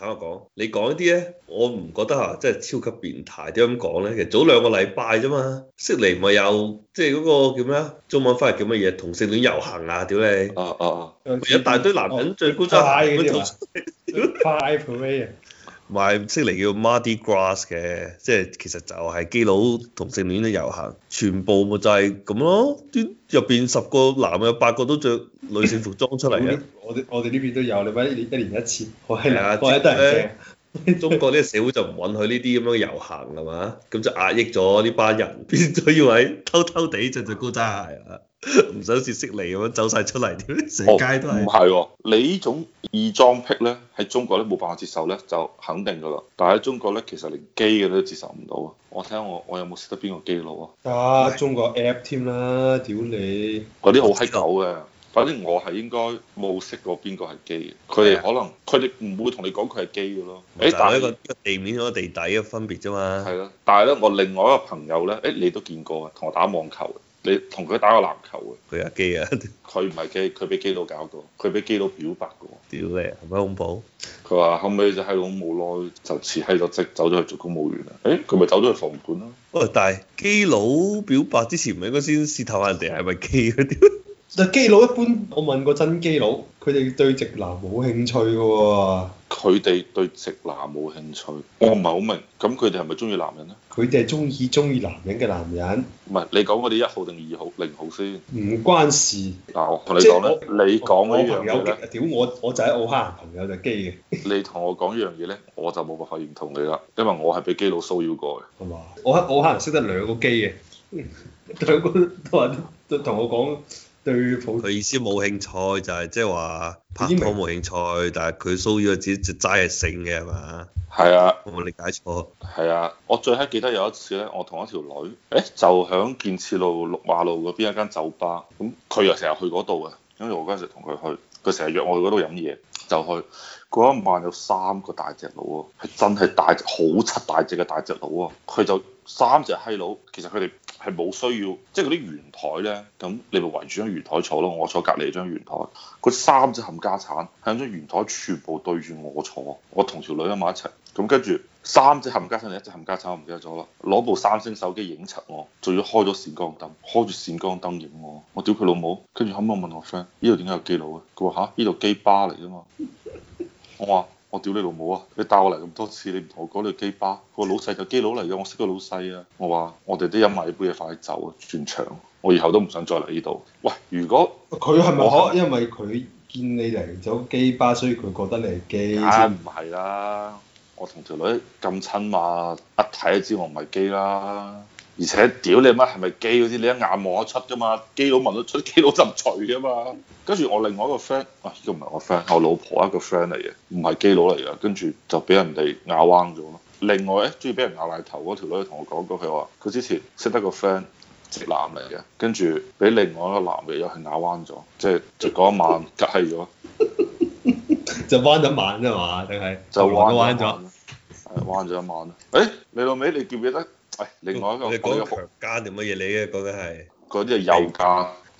坦白講，你講一啲咧，我唔覺得嚇、啊，真係超級變態。點解咁講咧？其實早兩個禮拜啫嘛，悉尼咪有即係嗰個叫咩啊？中文翻嚟叫乜嘢？同性戀遊行啊！屌你，哦哦哦，一大堆男人最高州派嗰啲嘛，買悉尼，叫 Mardi Gras 嘅，即係其實就係基佬同性戀嘅遊行，全部咪就係咁咯。啲入邊十個男嘅八個都着女性服裝出嚟嘅。 我哋我哋呢邊都有，你咪一年一次，係啦，嗰啲都係 中國呢個社會就唔允許呢啲咁樣嘅遊行係嘛？咁就壓抑咗呢班人，變咗以喺偷偷地著著高踭鞋，唔 想似悉尼咁樣走晒出嚟，成街都係。唔係、哦哦，你種呢種異裝癖咧喺中國咧冇辦法接受咧，就肯定噶啦。但喺中國咧，其實連 gay 嘅都接受唔到。我我有有啊。我睇下我我有冇識得邊個 gay 佬啊？啊，中國 app 添啦，屌你！嗰啲好閪狗嘅。反正我係應該冇識過邊個係基嘅，佢哋可能佢哋唔會同你講佢係基嘅咯。誒但，但係一個地面同地底嘅分別啫嘛。係咯，但係咧，我另外一個朋友咧，誒、哎，你都見過嘅，同我打網球你同佢打過籃球嘅。佢係基啊，佢唔係基，佢俾基佬搞到，佢俾基佬表白過。屌你啊，係咪恐怖？佢話後尾就係咁冇耐，就辭閪咗即走咗去做公務員啦。誒、哎，佢咪走咗去房管咯。喂，但係基佬表白之前唔係應該先試探下人哋係咪基嘅？但基佬一般，我問過真基佬，佢哋對直男冇興趣嘅喎。佢哋對直男冇興趣，我唔係好明。咁佢哋係咪中意男人咧？佢哋係中意中意男人嘅男人。唔係你講嗰啲一號定二號零號先？唔關事。嗱，即我同你講咧，你講呢樣嘢咧，屌我我就係奧克蘭朋友就基嘅。你同我講呢樣嘢咧，我就冇辦法認同你啦，因為我係被基佬騷擾過嘅。係嘛？我我奧克蘭識得兩個基嘅，兩個都話都同我講。 對，佢意思冇興趣就係即係話拍拖冇興趣，但係佢騷擾自己就齋係性嘅係嘛？係啊，我冇理解錯。係啊，我最閪記得有一次咧，我同一條女，誒就響建設路六馬路嗰邊一間酒吧，咁佢又成日去嗰度啊。因為我嗰陣時同佢去，佢成日約我去嗰度飲嘢，就去嗰一晚有三個大隻佬喎，係真係大隻好七大隻嘅大隻佬啊。佢就三隻閪佬，其實佢哋。係冇需要，即係嗰啲圓台咧，咁你咪圍住張圓台坐咯。我坐隔離張圓台，佢三隻冚家鏟喺張圓台全部對住我坐，我同條女喺埋一齊。咁跟住三隻冚家鏟定一隻冚家鏟，我唔記得咗啦。攞部三星手機影出我，仲要開咗閃光燈，開住閃光燈影我。我屌佢老母，跟住後尾我問我 friend：呢度點解有基佬嘅？佢話：吓、啊，呢度基吧嚟㗎嘛。我話。我屌你老母啊！你帶我嚟咁多次，你唔同我講你係基吧？個老細就基佬嚟嘅，我識個老細啊！我話我哋都飲埋呢杯嘢，快走啊！轉場，我以後都唔想再嚟呢度。喂，如果佢係咪可？看因為佢見你嚟咗基吧，所以佢覺得你係基先唔係啦。我同條女咁親嘛，一睇就知我唔係基啦。而且屌你媽係咪基嗰啲，你一眼望得出噶嘛，基佬聞得出，基佬就唔除㗎嘛。跟住我另外一個 friend，啊，呢、哎這個唔係我 friend，我老婆一個 friend 嚟嘅，唔係基佬嚟嘅。跟住就俾人哋咬彎咗咯。另外，誒，中意俾人咬奶頭嗰條女同我講過，佢話佢之前識得個 friend，直男嚟嘅，跟住俾另外一個男嘅又係咬彎咗，即係就嗰、是、一晚隔閪咗， 就彎咗晚啫嘛，定係就彎咗，係彎咗一晚啦。誒、 哎哎，你老味，你記唔記得？喂、哎，另外一個你講強奸定乜嘢你嘅？講緊係，嗰啲係幼奸。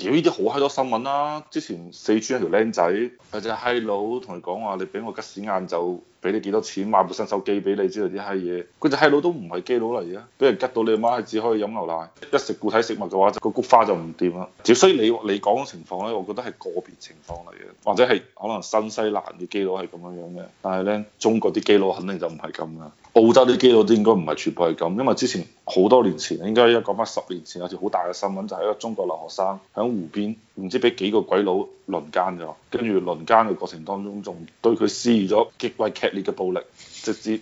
屌的，呢啲好閪多新聞啦、啊！之前四川一條僆仔，有隻閪佬同佢講話，你俾我吉屎晏晝，俾你幾多錢買部新手機俾你，知道啲閪嘢。佢隻閪佬都唔係基佬嚟嘅，俾人吉到你阿媽，媽只可以飲牛奶，一食固體食物嘅話，個菊花就唔掂啦。只所以你你講嘅情況咧，我覺得係個別情況嚟嘅，或者係可能新西蘭啲基佬係咁樣樣嘅，但係咧中國啲基佬肯定就唔係咁噶。澳洲啲基佬都應該唔係全部係咁，因為之前好多年前，應該一講返十年前有條好大嘅新聞，就係、是、一個中國留學生喺湖邊，唔知俾幾個鬼佬輪奸咗，跟住輪奸嘅過程當中，仲對佢施以咗極為劇烈嘅暴力，直至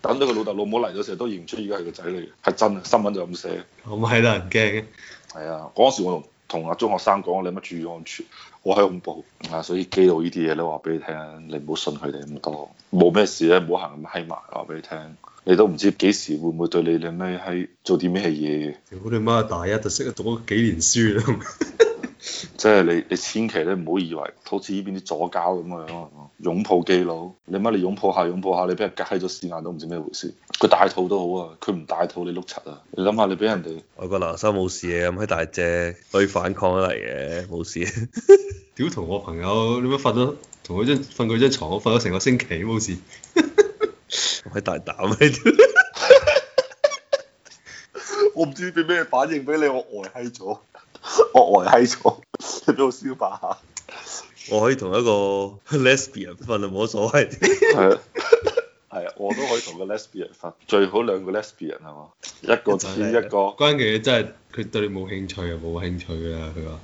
等到佢老豆老母嚟咗時，都認唔出而家係個仔嚟嘅，係真啊！新聞就咁寫，咁係得人驚嘅。係啊，嗰時我。同阿中學生講你乜注意安全，我喺恐怖啊！所以基佬呢啲嘢咧，我話俾你聽，你唔好信佢哋咁多，冇咩事咧，唔好行咁閪埋，我話俾你聽，你都唔知幾時會唔會對你你咩閪做啲咩嘢？屌你媽！大一就識讀咗幾年書啦。即係你，你千祈咧唔好以為好似呢邊啲左膠咁嘅樣，擁抱基佬，你乜你擁抱下擁抱下，你俾人隔咗雙眼都唔知咩回事。佢大肚都好啊，佢唔大肚你碌柒啊！你諗下，你俾人哋外國男生冇事嘅咁閪大隻可以反抗得嚟嘅，冇事。屌 同我朋友，你乜瞓咗同佢張瞓佢張床，我瞓咗成個星期冇事。 我閪大膽， 我唔知俾咩反應俾你，我呆閪咗。我外喺左，你俾我消化下。我可以同一個 lesbian 分，啊，冇所謂。係啊，係啊，我都可以同個 lesbian 分。最好兩個 lesbian 係嘛，一個黐、就係、一個。關鍵嘢真係佢對你冇興趣啊，冇興趣啦。佢話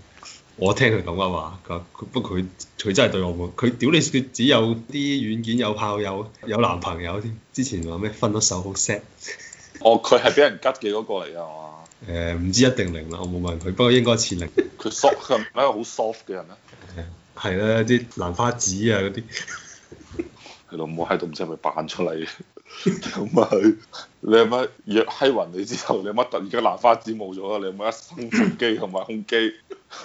我聽佢咁嘅話，佢不過佢佢真係對我冇，佢屌你！佢只有啲軟件有炮友，有男朋友添。之前話咩分咗手好 sad。 哦，佢係俾人吉嘅嗰個嚟嘅係嘛？ 誒唔、呃、知一定零啦，我冇問佢。不過應該似零。佢 soft，佢係咪一個好 soft 嘅人 啊？係係啦，啲蘭花指啊嗰啲，佢咯，唔好喺度唔知係咪扮出嚟。咁咪你阿媽約喺雲你之後，你阿媽突然間蘭花指冇咗啦，你阿一生肌同埋胸肌，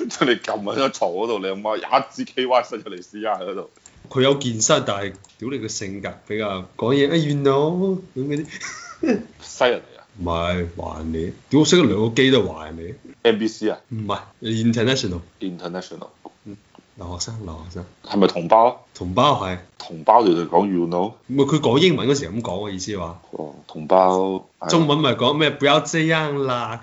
將你撳喺張牀嗰度，你阿媽一支 KY 伸出嚟 C R 嗰度。佢有健身，但係屌你嘅性格比較講嘢啊，怨我咁啲，犀人。 唔係華人嚟，屌點識得兩個機都係華人 NBC 啊？唔係 international，international，留學生、嗯、留學生，係咪同胞？同胞係，同胞你哋講 you know，o k 唔係佢講英文嗰時咁講嘅意思話。哦，同胞，中文咪講咩 b r a z i l a 啦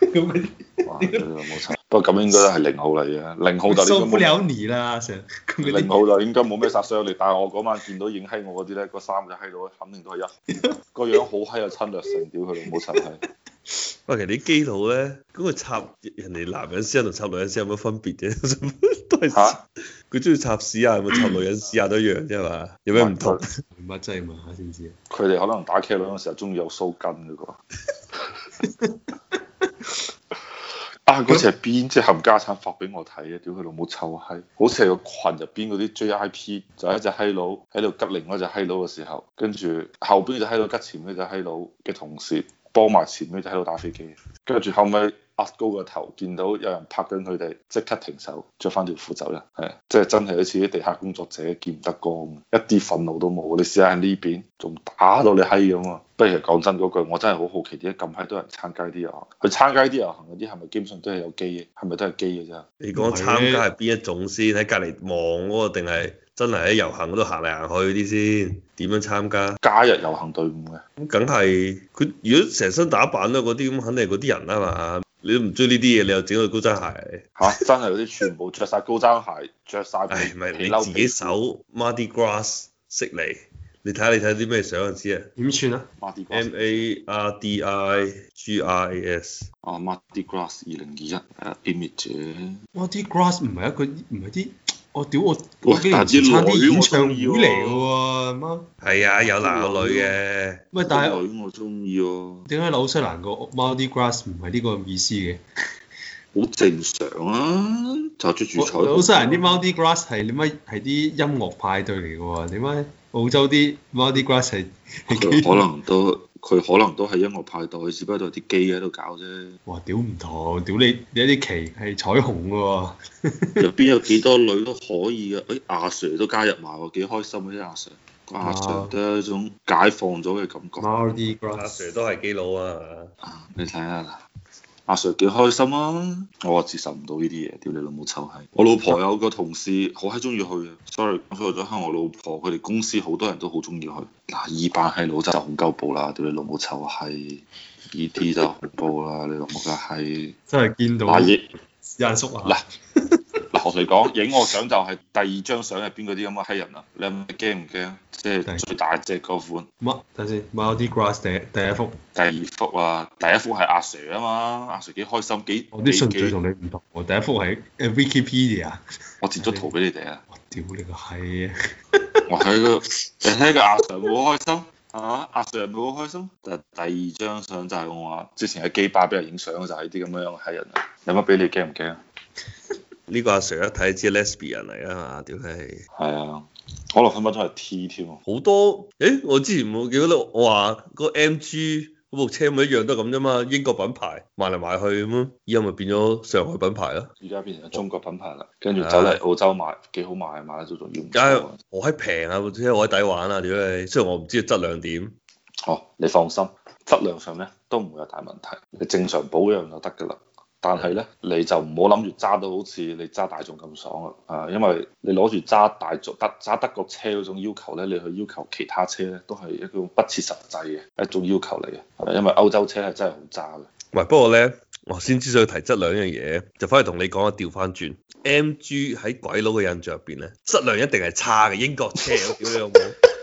咁樣。 不過咁應該都係零號嚟嘅，零號就你冇了你啦，Sir, 零號就應該冇咩殺傷力， 但係我嗰晚見到影閪我嗰啲咧，嗰衫就閪佬肯定都係一，個 樣好閪有侵略性，屌佢冇神氣。喂，其實啲基佬咧，咁佢插人哋男人屎同插女人先有乜分別啫？都係吓，佢中意插屎啊，咪插女人屎啊都一樣啫嘛，有咩唔同？唔係真係問下先知啊，佢哋可能打茄輪嗰陣時候中意有鬚根嗰個。 嗰次係邊即係冚家鏟發俾我睇啊！屌佢老母臭閪，好似係個群入邊嗰啲 JIP 就係一隻閪佬喺度吉另一隻閪佬嘅時候，跟住後邊就喺度吉前面一隻閪佬嘅同事，幫埋前面一隻喺度打飛機，跟住後尾，壓高個頭見到有人拍緊佢哋即刻停手，着翻條褲走人，係即係真係好似啲地下工作者見唔得光，一啲憤怒都冇。你試下喺呢邊仲打到你閪咁啊！不如講真嗰句，我真係好好奇點解，近排都有人參加啲遊行。佢參加啲遊行嗰啲，係咪基本上都係有機嘅？係咪都係機嘅啫？你講參加係邊一種先？喺隔離望嗰個，定係真係喺遊行嗰度行嚟行去啲先？點樣參加？加入遊行隊伍嘅，咁梗係佢如果成身打扮都嗰啲，咁肯定係嗰啲人啦嘛。你都唔追呢啲嘢，你又整對高踭鞋嚇、 啊？真係嗰啲全部着晒高踭鞋，着晒。係咪、哎、你自己手 Mardi Gras 識你。你睇下你睇啲咩相知啊？點算啊？M A R D I G R A S 啊，Mardi Gras 二零二一啊，image。Mardi Gras 唔係一個唔係啲，我屌我我跟住參加啲演唱會嚟嘅喎，媽、啊。係啊，啊，有男有女嘅。喂、啊，但係女我中意喎。點解紐西蘭個 Mardi Gras 唔係呢個意思嘅？好 正常啊，就捉住彩。紐西蘭啲 Mardi Gras 係點啊？係啲音樂派對嚟嘅喎，點解？澳洲啲 Mardi Gras s 佢可能都佢可能都係音樂派對，只不過啲機喺度搞啫。哇！屌唔同，屌你你啲旗係彩虹嘅喎、啊，入 邊有幾多女都可以嘅。哎阿 Sir 都加入埋喎，幾開心啊啲阿 Sir！、啊、阿 Sir 都係一種解放咗嘅感覺。Mardi Gras、啊、Sir 都係基佬啊！啊你睇下。阿 Sir 幾開心啊！我啊接受唔到呢啲嘢，屌你老母臭閪！我老婆有個同事好閪中意去，sorry 講錯咗係我老婆，佢哋公司好多人都好中意去。嗱二班係老就好鳩暴啦，屌你老母臭閪！呢啲就暴啦，你老母架閪。真係見到阿二，阿叔啊！嗱來。 頭誰講影我相就係第二張相入邊嗰啲咁嘅閪人啊！你係咪驚唔驚？即、就、係、是、最大隻嗰款。等先 Mild Grass 第，第一幅，第二幅啊！第一幅係阿 Sir 啊嘛，阿 Sir 幾開心幾。我啲順序同你唔同，啊，我第一幅係 Wikipedia。我截咗圖俾你哋啊！我屌，這個， 你個閪啊！我睇個你睇個阿 Sir 好開心啊！阿 Sir 好開心。但係第二張相就係我話之前喺機巴俾人影相就係啲咁樣嘅閪人啊！有乜俾你驚唔驚？呢個阿 Sir 一睇知係 Lesbian 嚟啊嘛，屌你係啊，可能分分都係 T 添啊，好多，誒、欸、我之前冇記得咧，我話個 MG 部車咪一樣都咁啫嘛，英國品牌賣嚟賣去咁咯，以後咪變咗上海品牌咯，而家變成中國品牌啦，跟住走嚟澳洲賣，幾、啊、好賣，賣得都仲要。梗係我喺平啊部車，我喺抵玩啊，屌你，雖然我唔知質量點，哦，你放心，質量上咧都唔會有大問題，你正常保養就得噶啦。但係咧，你就唔好諗住揸到好似你揸大眾咁爽啊！啊，因為你攞住揸大眾得揸德國車嗰種要求咧，你去要求其他車咧，都係一個不切實際嘅一種要求嚟嘅。因為歐洲車係真係好渣嘅。喂，不過咧，我先至想提質量呢樣嘢，就去返嚟同你講啊，調翻轉，M G 喺鬼佬嘅印象入邊咧，質量一定係差嘅，英國車，屌你老母！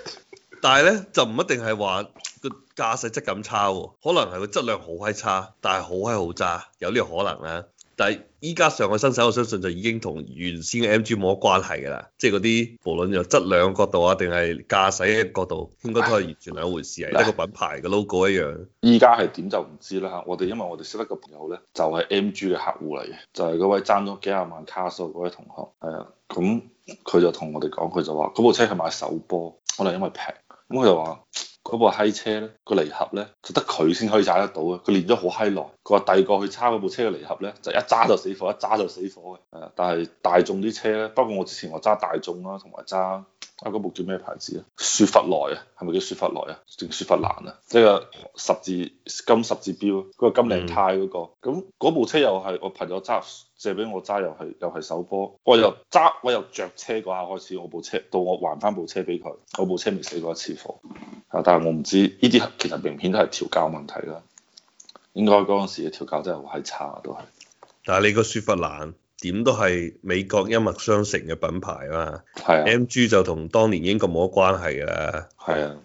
但係咧，就唔一定係話。個駕駛質感差、哦，可能係個質量好閪差，但係好閪好渣，有呢個可能啦、啊。但係依家上個新手，我相信就已經同原先嘅 M G 冇乜關係噶啦，即係嗰啲無論由質量角度啊，定係駕駛嘅角度，應該都係完全兩回事啊，一個品牌嘅 logo 一樣。依家係點就唔知啦吓，我哋因為我哋識得個朋友咧，就係、是、M G 嘅客戶嚟嘅，就係、是、嗰位爭咗幾廿萬卡數嗰位同學，係啊，咁佢就同我哋講，佢就話嗰部車係買首波，可能因為平，咁佢就話。嗰部嗨車咧，個離合咧，就得佢先可以踩得到啊。佢練咗好嗨耐。佢話第二個去揸嗰部車嘅離合咧，就一揸就死火，一揸就死火嘅。誒，但係大眾啲車咧，包括我之前話揸大眾啦，同埋揸。啊，嗰部叫咩牌子啊？雪佛萊啊，係咪叫雪佛萊啊？定雪佛蘭啊？即係個十字金十字標，嗰個金領呔嗰個，咁嗰部車又係我朋友揸，借俾我揸，又係又係首波，我又揸我又着車嗰下開始，我部車到我還翻部車俾佢，我部車未死過一次火，啊！但係我唔知呢啲其實明顯都係調教問題啦，應該嗰陣時嘅調教真係好係差都係，但係你個雪佛蘭。點都係美國一脈相承嘅品牌啊嘛，M G 就同當年英國冇乜關係啦。